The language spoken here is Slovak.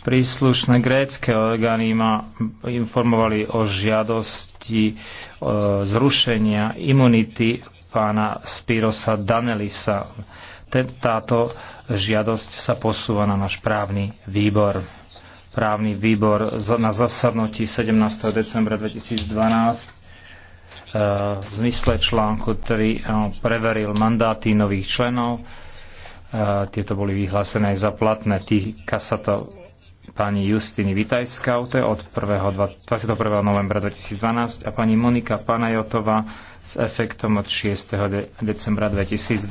Príslušné grécké orgány ma informovali o žiadosti e, zrušenia imunity pána Spirosa Danelisa. Táto žiadosť sa posúva na náš právny výbor. Právny výbor na zasadnutí 17. decembra 2012 e, v zmysle článku ktorý e, preveril mandáty nových členov. Tieto boli vyhlásené aj za platné. Týka sa to pani Justiny Vitajskaute od 1. 21. novembra 2012 a pani Monika Panajotova s efektom od 6. decembra 2012.